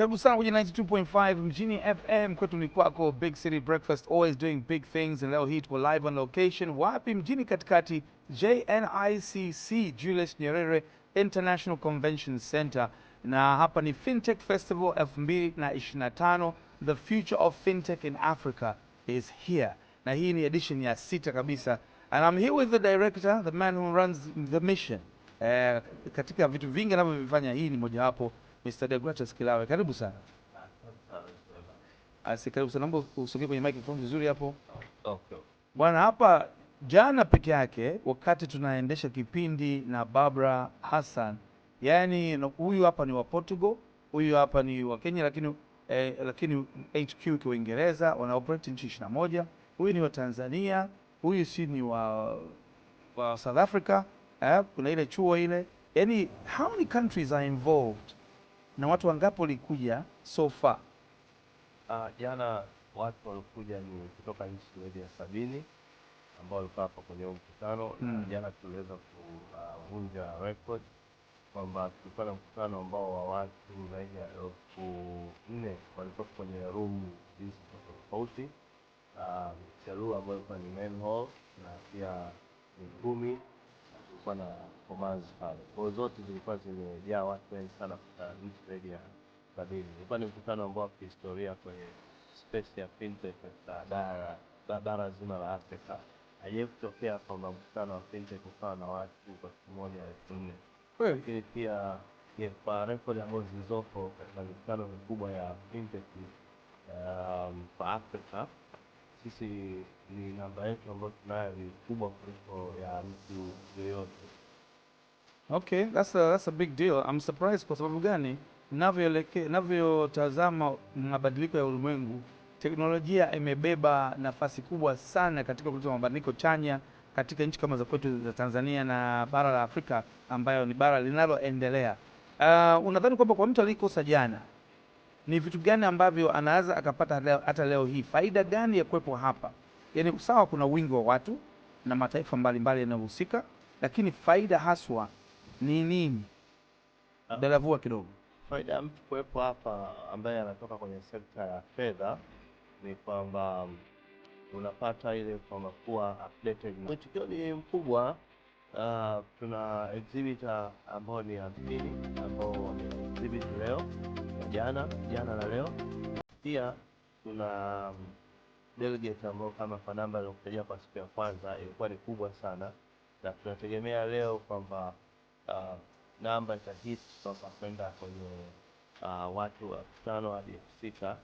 Karibu sana kwenye 92.5 Mjini FM, kwetu ni kwako, Big City Breakfast, always doing big things. And leo hii tuko live on location wapi? Mjini katikati, JNICC, Julius Nyerere International Convention Center, na hapa ni Fintech Festival 2025, the future of fintech in Africa is here, na hii ni edition ya sita kabisa, and I'm here with the director, the man who runs the mission. Uh, katika vitu vingi anavyovifanya, hii ni mojawapo Mr. Deogratias Kilawe, karibu sana. Ah, Asi, karibu sana, naomba usogee kwenye microphone vizuri hapo. Oh, okay. Bwana, hapa jana peke yake wakati tunaendesha kipindi na Barbara Hassan, yaani huyu hapa ni wa Portugal, huyu hapa ni wa Kenya, lakini eh, lakini HQ kwa Uingereza, wana operate nchi 21. Huyu ni wa Tanzania, huyu si ni wa wa South Africa, eh, kuna ile chuo ile. Yaani how many countries are involved? na watu wangapi walikuja so far? Uh, jana watu walikuja ni kutoka nchi zaidi ya sabini ambao walikuwa hapa kwenye huo mkutano mm. Jana tuliweza kuvunja uh, record kwamba tulikuwa na mkutano ambao wa watu zaidi ya elfu nne walikuwa kwenye room hizi tofauti tofauti, uh, ambayo ilikuwa ni main hall na pia ni kumi tulikuwa na performance pale. Kwa hiyo zote zilikuwa zimejaa watu wengi sana kwa trade ya sabini. Ilikuwa ni mkutano ambao wa kihistoria kwenye space ya fintech katika bara bara zima la Afrika. Haijawahi kutokea kwamba mkutano wa fintech ukawa na watu kwa siku moja elfu nne. Lakini pia kwa rekodi ambazo zilizopo katika mikutano mikubwa ya fintech um, kwa Afrika sisi ni namba yetu ambayo tunayo ni kubwa kuliko ya mtu yoyote. Okay, that's a, that's a big deal. I'm surprised kwa sababu gani? Ninavyoelekea, ninavyotazama mabadiliko ya ulimwengu, teknolojia imebeba nafasi kubwa sana katika kuleta mabadiliko chanya katika nchi kama za kwetu za Tanzania na bara la Afrika ambayo ni bara linaloendelea. Uh, unadhani kwamba kwa mtu aliyekosa jana ni vitu gani ambavyo anaweza akapata hata leo hii faida gani ya kuwepo hapa? Yaani sawa, kuna wingi wa watu na mataifa mbalimbali yanayohusika, lakini faida haswa ni nini? Ah. Dalavua kidogo faida mtu kuwepo hapa ambaye anatoka kwenye sekta ya fedha ni kwamba unapata ile kwamba kuwa updated. Mwitikio ni mkubwa. Uh, tuna exhibitor ambao ni hamsini ambao wameexhibit leo jana jana na leo. Pia tuna delegate ambao kama kwa namba iliokutajia kwa siku ya kwanza ilikuwa ni kubwa sana, na tunategemea leo kwamba Uh, namba sahihi kwenda kwenye uh, watu elfu tano hadi elfu sita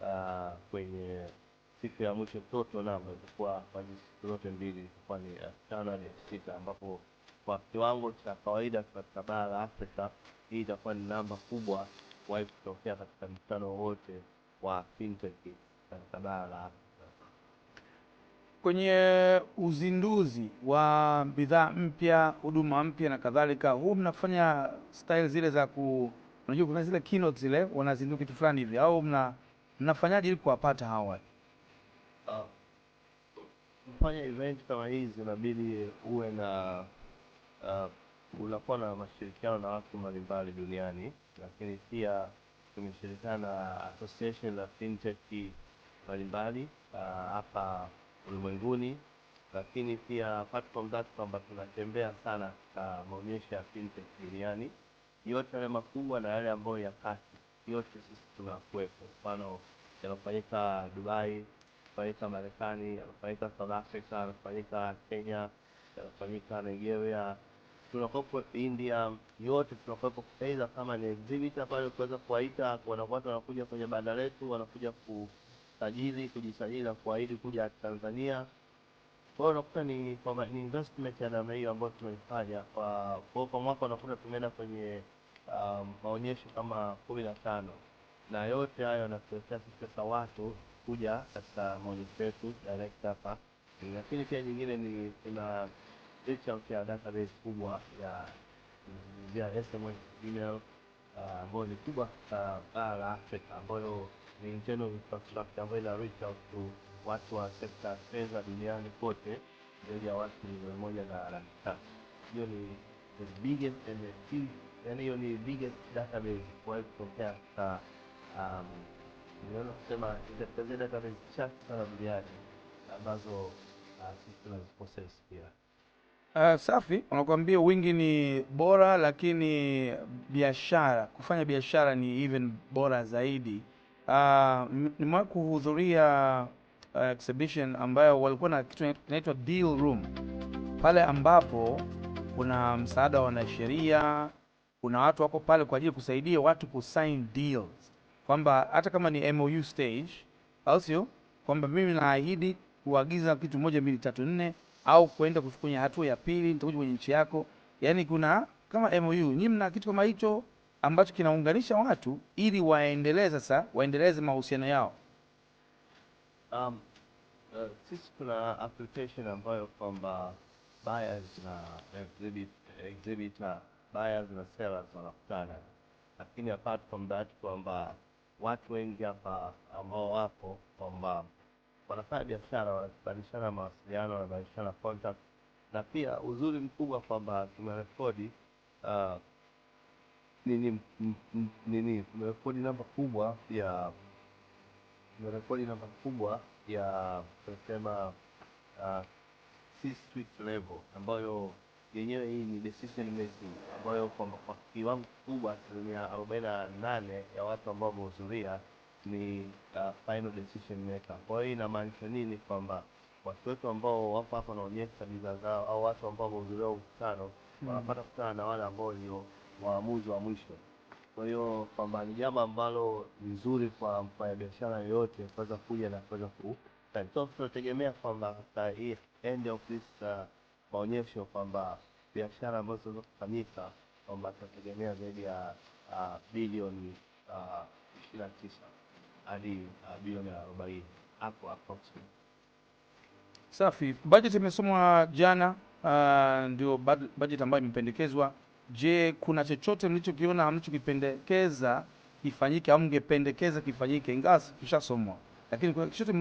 uh, kwenye siku ya mwisho toto namba itakuwa kwa jinsi zote mbili itakuwa ni elfu tano hadi elfu sita ambapo kwa kiwango cha kawaida katika bara la Afrika hii itakuwa ni namba kubwa kuwahi kutokea katika mkutano wowote wa fintech katika bara la Afrika kwenye uzinduzi wa bidhaa mpya, huduma mpya na kadhalika, huu mnafanya style zile za ku, unajua kuna zile keynote zile wanazindua kitu fulani hivi, au mna mnafanyaje ili kuwapata hawa watu? Ah, kufanya event kama hizi inabidi uwe na uh, unakuwa na mashirikiano na watu mbalimbali duniani, lakini pia tumeshirikiana na association la fintech mbalimbali ah, hapa uh, ulimwenguni, lakini pia platform that kwamba tunatembea sana katika maonyesho ya fintech duniani yote yale makubwa na yale ambayo ya kati, yote sisi tunakuwepo. Mfano yanafanyika Dubai, yanafanyika Marekani, yanafanyika South Africa, yanafanyika Kenya, yanafanyika Nigeria, tunakuwepo India, yote tunakuwepo, aidha kama ni exhibitor pale kuweza kuwaita, wanakuwa wanakuja kwenye banda letu, wanakuja ku kujisajili, kujisajili na kuahidi kuja Tanzania. Kwa hiyo unakuta ni kwamba ni investment ya namna hiyo ambayo tumeifanya kwa kwa kwa mwaka, unakuta tumeenda kwenye um, maonyesho kama kumi na tano na yote hayo yanatuletea sisi sasa watu kuja katika maonyesho yetu direct hapa, lakini pia nyingine ni kuna reach ya database kubwa ya ya SMS email uh, ambayo ni kubwa katika uh, bara Afrika ambayo Miundombinu Infrastructure ambayo ina reach out to watu wa sekta ya fedha duniani kote zaidi ya watu milioni moja na laki tatu. Hiyo ni the biggest and the huge, yani hiyo ni biggest database kuwahi kutokea um, katika um, inaweza kusema itakutajia database chache sana duniani ambazo uh, sisi tunaziprocess pia. Uh, safi, unakuambia wingi ni bora, lakini biashara, kufanya biashara ni even bora zaidi uh, nimewahi kuhudhuria uh, exhibition ambayo walikuwa na kitu kinaitwa deal room, pale ambapo kuna msaada wa wanasheria, kuna watu wako pale kwa ajili kusaidia watu kusign deals, kwamba hata kama ni MOU stage, au sio, kwamba mimi naahidi kuagiza kitu moja mbili tatu nne, au kuenda kwenye hatua ya pili, nitakuja kwenye nchi yako. Yani kuna kama MOU, nyinyi mna kitu kama hicho ambacho kinaunganisha watu ili waendelee sasa waendeleze mahusiano yao. Um, uh, sisi tuna application ambayo kwamba buyers na exhibit, exhibit na buyers na sellers wanakutana, lakini apart from that kwamba watu wengi hapa ambao wapo kwamba wanafanya biashara, wanabadilishana mawasiliano, wanabadilishana contact, na pia uzuri mkubwa kwamba tumerekodi uh, nini nini mmerekodi namba kubwa ya mmerekodi namba kubwa ya tunasema uh, C suite level ambayo yenyewe hii ni decision making ambayo kwa kiwango kubwa asilimia arobaini na nane ya watu ambao wamehudhuria ni uh, final decision maker. Kwa hiyo inamaanisha nini? Kwamba watu wetu ambao wapo hapa wanaonyesha bidhaa zao au watu ambao wamehudhuria mkutano mm. wanapata kukutana na wale ambao ndio waamuzi wa mwisho. Kwa hiyo kwamba ni jambo ambalo ni nzuri kwa mfanyabiashara yoyote kuweza kuja na kuweza ku so tunategemea kwamba hii end of this uh, maonyesho kwamba biashara ambazo zinaweza kufanyika kwamba tunategemea zaidi ya uh, bilioni uh, ishirini na tisa hadi uh, bilioni arobaini hapo hapo. Safi, bajeti imesomwa jana, uh, ndio bajeti ambayo imependekezwa Je, kuna chochote mlichokiona mlichokipendekeza kifanyike au mngependekeza kifanyike, ingawa kishasomwa, lakini kuna chochote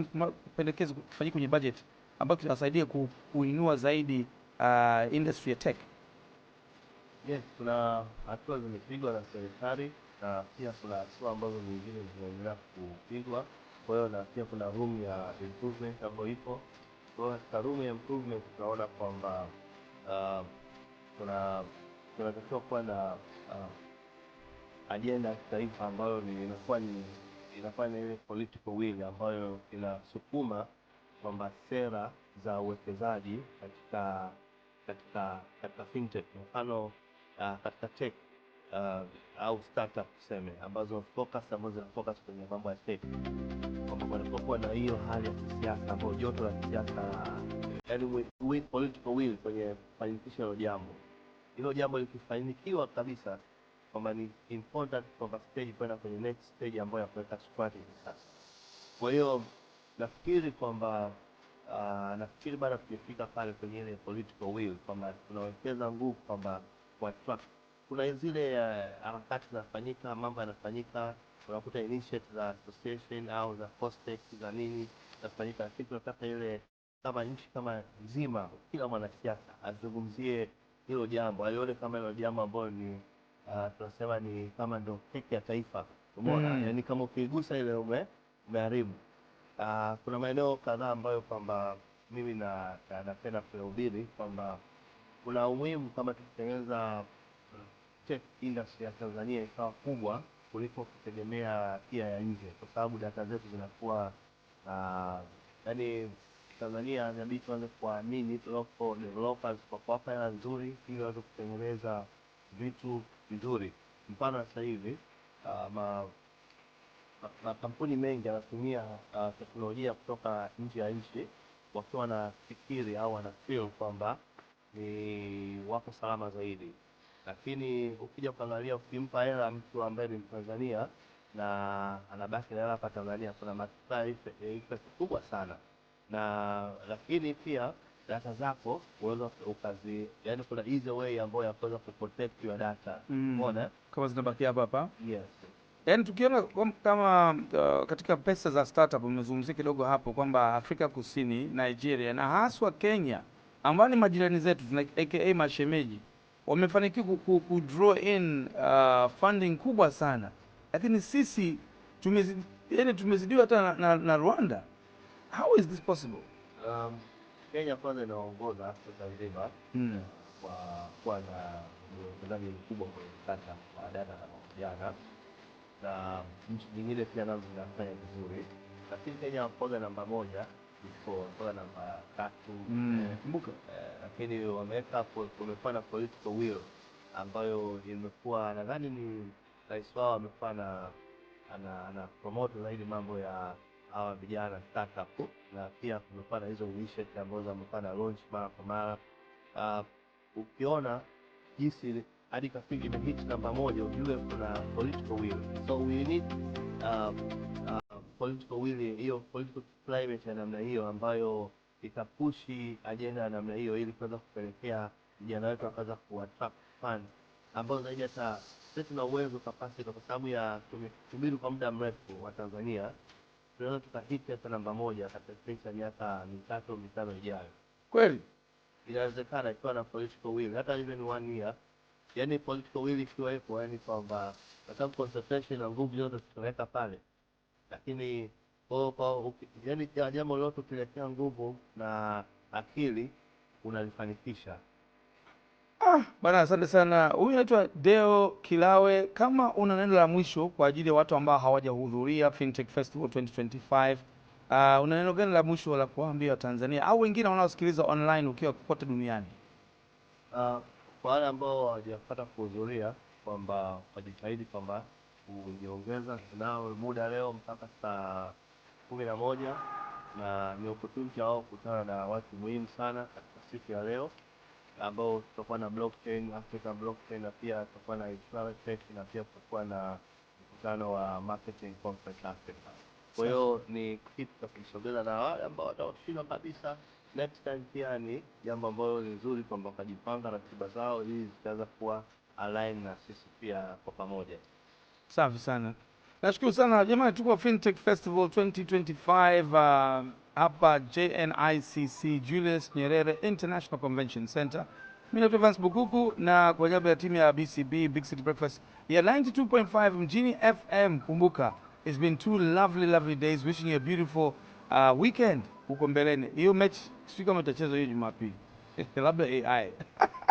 mpendekeza kifanyike kwenye budget ambayo kitasaidia kuinua zaidi uh, industry ya tech? Yes, kuna hatua zimepigwa na serikali na pia kuna hatua ambazo nyingine zinaendelea kupigwa. Kwa hiyo na pia kuna room ya improvement ambayo ipo. Kwa hiyo katika room ya improvement tunaona kwamba uh, kuna tunatakiwa kuwa na uh, ajenda ya kitaifa ambayo inakuwa ni inafanya ile political will ambayo inasukuma kwamba sera za uwekezaji katika katika katika fintech mfano uh, katika tech uh, au startup tuseme, ambazo focus ambazo zina focus kwenye mambo ya tech, kwamba kunapokuwa na hiyo hali ya kisiasa ambayo joto la kisiasa, yaani political will kwenye fanikisho hilo jambo hilo jambo likifanikiwa kabisa kwamba ni important kutoka stage kwenda kwenye next stage ambayo ya kuweka squat hivi sasa. Kwa hiyo nafikiri kwamba uh, nafikiri bado tujafika pale kwenye ile political will kwamba tunawekeza nguvu kwamba kwa track Kuna zile ah, harakati uh, zinafanyika, mambo yanafanyika, unakuta initiative za association au za postex za nini zinafanyika, lakini tunataka ile kama nchi kama nzima, kila mwanasiasa azungumzie hilo jambo, alione kama hilo jambo ambalo ni uh, tunasema ni kama ndio keki ya taifa, umeona mm. Yani kama ukigusa ile ume umeharibu. Uh, kuna maeneo kadhaa ambayo kwamba mimi na napenda kuhubiri kwamba kuna umuhimu kama tukitengeneza tech industry ya Tanzania ikawa kubwa kuliko kutegemea pia ya nje, kwa sababu data zetu zinakuwa uh, ah, yani Tanzania inabidi tuanze kuamini local developers kwa kuwapa hela nzuri ili waweze kutengeneza vitu vizuri. Mfano sasa hivi uh, ma kampuni mengi yanatumia uh, teknolojia kutoka nje ya nchi wakiwa wanafikiri au wana feel kwamba ni wako salama zaidi, lakini ukija kuangalia, ukimpa hela mtu ambaye ni Mtanzania na anabaki na hela hapa Tanzania, kuna multiplier effect eh, kubwa sana na lakini pia data zako unaweza ukazi, yani kuna easy way ambayo ya kuweza kuprotect your data mm. kama zinabaki hapa hapa yes. Yani tukiona kama uh, katika pesa za startup umezungumzia kidogo hapo kwamba Afrika Kusini, Nigeria na haswa Kenya ambao ni majirani zetu aka mashemeji wamefanikiwa ku ku, draw in uh, funding kubwa sana, lakini sisi tumezidiwa, yani tumezidiwa hata na, na, na Rwanda How is this possible? Um, Kenya kwanza inaongoza sasa nzima hmm. kwa kuwa na uwekezaji mkubwa kwenye sekta ya data na mawasiliano, na nchi nyingine pia nazo zinafanya vizuri, lakini Kenya kwanza namba moja kwa namba tatu hmm. eh, kumbuka, eh, lakini wameweka kumekuwa na political will ambayo imekuwa nadhani ni rais wao amekuwa ana ana promote zaidi mambo ya hawa vijana startup, na pia kumekuwa na hizo initiative ambazo zimekuwa na launch mara kwa mara. Uh, Ukiona jinsi hadi kafiki hit namba moja, ujue kuna political will, so we need uh, uh, political will, hiyo political climate ya namna hiyo ambayo itapushi ajenda ya namna hiyo ili kuweza kupelekea vijana wetu wakaweza kuattract fund ambazo zaidi hata sisi tuna uwezo capacity, kwa sababu ya tumesubiri kwa muda mrefu wa Tanzania tunaweza tukahiti hata namba moja katika miaka mitatu mitano ijayo. Kweli inawezekana, ikiwa na political will, hata even one year, yani political will ikiwepo, yani kwamba kwa sababu concentration na nguvu zote tutaweka pale, lakini yani jambo lote ukiletea nguvu na akili unalifanikisha. Ah, bana asante sana. Huyu anaitwa Deo Kilawe. Kama una neno la mwisho kwa ajili ya watu ambao hawajahudhuria Fintech Festival 2025, uh, una neno gani la mwisho la kuambia Tanzania au wengine wanaosikiliza online ukiwa kote duniani? Uh, kwa wale ambao hawajapata kuhudhuria kwamba wajitahidi kwamba ujiongeza nao muda leo mpaka saa kumi na moja na ni opportunity wao kukutana na watu muhimu sana katika siku ya leo ambao tutakuwa na blockchain, Africa blockchain na pia tutakuwa na Islamic na pia tutakuwa na mkutano wa marketing conference Africa. Kwa hiyo ni kitu cha kusogeza, na wale ambao wataoshindwa kabisa next time, pia ni jambo ambalo ni nzuri kwamba wakajipanga ratiba zao ili zitaweza kuwa align na sisi pia kwa pamoja. Safi sana, nashukuru sana jamani, tuko Fintech Festival 2025 uh... Um, hapa JNICC Julius Nyerere International Convention Center. Mimi ni Evans Bukuku na kwa niaba ya timu ya BCB Big City Breakfast ya 92.5 Mjini FM, kumbuka it's been two lovely lovely days wishing you a beautiful uh, weekend huko mbeleni. Hiyo mechi sio kama hiyo Jumapili. Labda AI